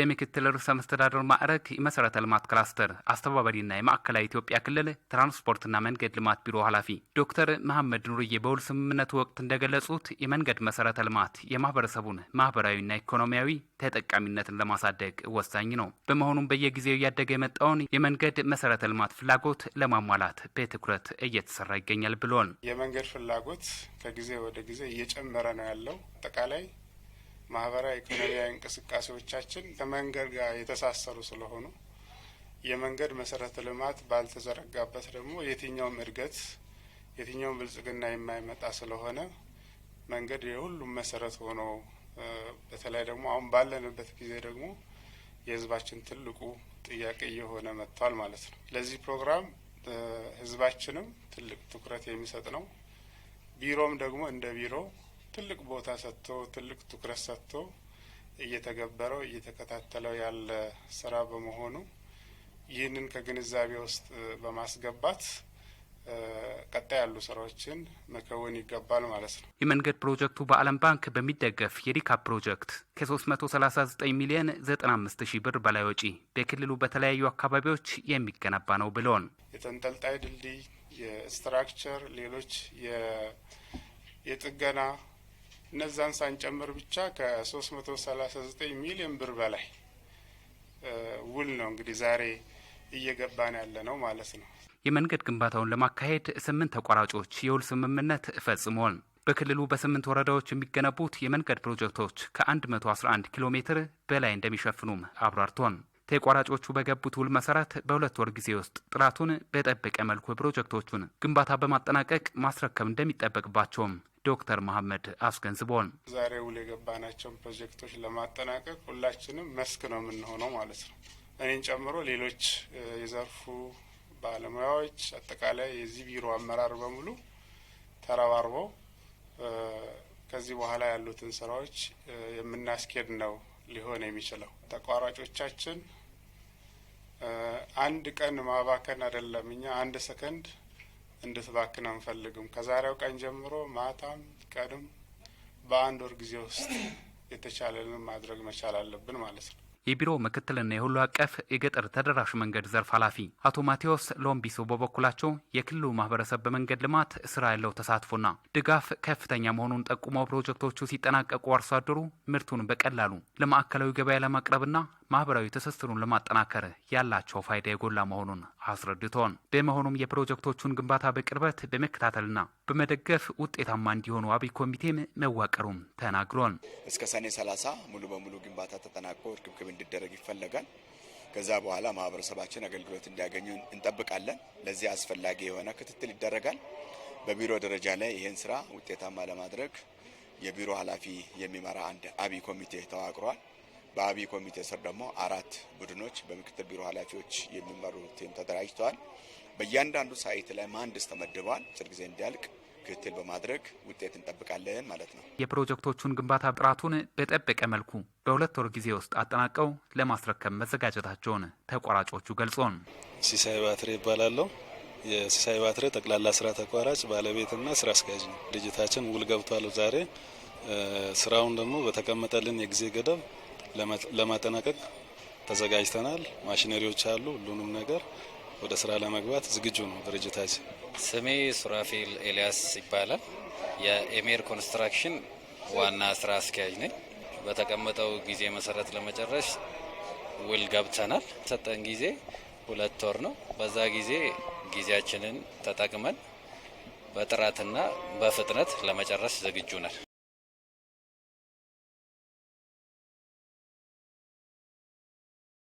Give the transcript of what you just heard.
በምክትል ርዕሰ መስተዳደር ማዕረግ የመሰረተ ልማት ክላስተር አስተባባሪና የማዕከላዊ ኢትዮጵያ ክልል ትራንስፖርትና መንገድ ልማት ቢሮ ኃላፊ ዶክተር መሐመድ ኑርዬ በውል ስምምነቱ ወቅት እንደገለጹት የመንገድ መሰረተ ልማት የማህበረሰቡን ማህበራዊና ኢኮኖሚያዊ ተጠቃሚነትን ለማሳደግ ወሳኝ ነው። በመሆኑም በየጊዜው እያደገ የመጣውን የመንገድ መሰረተ ልማት ፍላጎት ለማሟላት በትኩረት እየተሰራ ይገኛል ብሏል። የመንገድ ፍላጎት ከጊዜ ወደ ጊዜ እየጨመረ ነው ያለው አጠቃላይ ማህበራዊ ኢኮኖሚያዊ እንቅስቃሴዎቻችን ከመንገድ ጋር የተሳሰሩ ስለሆኑ የመንገድ መሰረተ ልማት ባልተዘረጋበት ደግሞ የትኛውም እድገት የትኛውም ብልጽግና የማይመጣ ስለሆነ መንገድ የሁሉም መሰረት ሆኖ በተለይ ደግሞ አሁን ባለንበት ጊዜ ደግሞ የህዝባችን ትልቁ ጥያቄ እየሆነ መጥቷል ማለት ነው። ለዚህ ፕሮግራም ህዝባችንም ትልቅ ትኩረት የሚሰጥ ነው። ቢሮም ደግሞ እንደ ቢሮ ትልቅ ቦታ ሰጥቶ ትልቅ ትኩረት ሰጥቶ እየተገበረው እየተከታተለው ያለ ስራ በመሆኑ ይህንን ከግንዛቤ ውስጥ በማስገባት ቀጣይ ያሉ ስራዎችን መከወን ይገባል ማለት ነው። የመንገድ ፕሮጀክቱ በዓለም ባንክ በሚደገፍ የሪካፕ ፕሮጀክት ከ339 ሚሊዮን 95 ሺህ ብር በላይ ወጪ በክልሉ በተለያዩ አካባቢዎች የሚገነባ ነው ብለውን የተንጠልጣይ ድልድይ፣ የስትራክቸር፣ ሌሎች የጥገና እነዛን ሳንጨምር ብቻ ከ ዘጠኝ ሚሊዮን ብር በላይ ውል ነው እንግዲህ ዛሬ እየገባን ያለ ነው ማለት ነው። የመንገድ ግንባታውን ለማካሄድ ስምንት ተቋራጮች የውል ስምምነት ፈጽሟል። በክልሉ በስምንት ወረዳዎች የሚገነቡት የመንገድ ፕሮጀክቶች ከ111 ኪሎ ሜትር በላይ እንደሚሸፍኑም አብራርቷል። ተቋራጮቹ በገቡት ውል መሰረት በሁለት ወር ጊዜ ውስጥ ጥራቱን በጠበቀ መልኩ ፕሮጀክቶቹን ግንባታ በማጠናቀቅ ማስረከብ እንደሚጠበቅባቸውም ዶክተር መሀመድ አስገንዝቧል። ዛሬ ውል የገባናቸውን ፕሮጀክቶች ለማጠናቀቅ ሁላችንም መስክ ነው የምንሆነው ማለት ነው። እኔን ጨምሮ ሌሎች የዘርፉ ባለሙያዎች፣ አጠቃላይ የዚህ ቢሮ አመራር በሙሉ ተረባርበው ከዚህ በኋላ ያሉትን ስራዎች የምናስኬድ ነው ሊሆን የሚችለው። ተቋራጮቻችን አንድ ቀን ማባከን አይደለም። እኛ አንድ ሰከንድ እንድትባክን አንፈልግም። ከዛሬው ቀን ጀምሮ ማታም ቀንም በአንድ ወር ጊዜ ውስጥ የተቻለንን ማድረግ መቻል አለብን ማለት ነው። የቢሮ ምክትልና የሁሉ አቀፍ የገጠር ተደራሽ መንገድ ዘርፍ ኃላፊ አቶ ማቴዎስ ሎምቢሶ በበኩላቸው የክልሉ ማህበረሰብ በመንገድ ልማት ስራ ያለው ተሳትፎና ድጋፍ ከፍተኛ መሆኑን ጠቁመው ፕሮጀክቶቹ ሲጠናቀቁ አርሶ አደሩ ምርቱን በቀላሉ ለማዕከላዊ ገበያ ለማቅረብና ማህበራዊ ትስስሩን ለማጠናከር ያላቸው ፋይዳ የጎላ መሆኑን አስረድቷል። በመሆኑም የፕሮጀክቶቹን ግንባታ በቅርበት በመከታተልና በመደገፍ ውጤታማ እንዲሆኑ አብይ ኮሚቴም መዋቀሩም ተናግሯል። እስከ ሰኔ 30 ሙሉ በሙሉ ግንባታ ተጠናቆ ርክብክብ እንዲደረግ ይፈለጋል። ከዛ በኋላ ማህበረሰባችን አገልግሎት እንዲያገኙ እንጠብቃለን። ለዚህ አስፈላጊ የሆነ ክትትል ይደረጋል። በቢሮ ደረጃ ላይ ይህን ስራ ውጤታማ ለማድረግ የቢሮ ኃላፊ የሚመራ አንድ አብይ ኮሚቴ ተዋቅሯል። በአብይ ኮሚቴ ስር ደግሞ አራት ቡድኖች በምክትል ቢሮ ኃላፊዎች የሚመሩ ቲም ተደራጅተዋል። በእያንዳንዱ ሳይት ላይ መሀንዲስ ተመድበዋል። ጭር ጊዜ እንዲያልቅ ክትትል በማድረግ ውጤት እንጠብቃለን ማለት ነው። የፕሮጀክቶቹን ግንባታ ጥራቱን በጠበቀ መልኩ በሁለት ወር ጊዜ ውስጥ አጠናቀው ለማስረከብ መዘጋጀታቸውን ተቋራጮቹ ገልጾን ሲሳይ ባትሬ ይባላለሁ። የሲሳይ ባትሬ ጠቅላላ ስራ ተቋራጭ ባለቤትና ስራ አስኪያጅ ነው። ድርጅታችን ውል ገብቷል ዛሬ ስራውን ደግሞ በተቀመጠልን የጊዜ ገደብ ለማጠናቀቅ ተዘጋጅተናል። ማሽነሪዎች አሉ። ሁሉንም ነገር ወደ ስራ ለመግባት ዝግጁ ነው ድርጅታችን። ስሜ ሱራፌል ኤልያስ ይባላል። የኤሜር ኮንስትራክሽን ዋና ስራ አስኪያጅ ነኝ። በተቀመጠው ጊዜ መሰረት ለመጨረስ ውል ገብተናል። ሰጠን ጊዜ ሁለት ወር ነው። በዛ ጊዜ ጊዜያችንን ተጠቅመን በጥራትና በፍጥነት ለመጨረስ ዝግጁ ነን።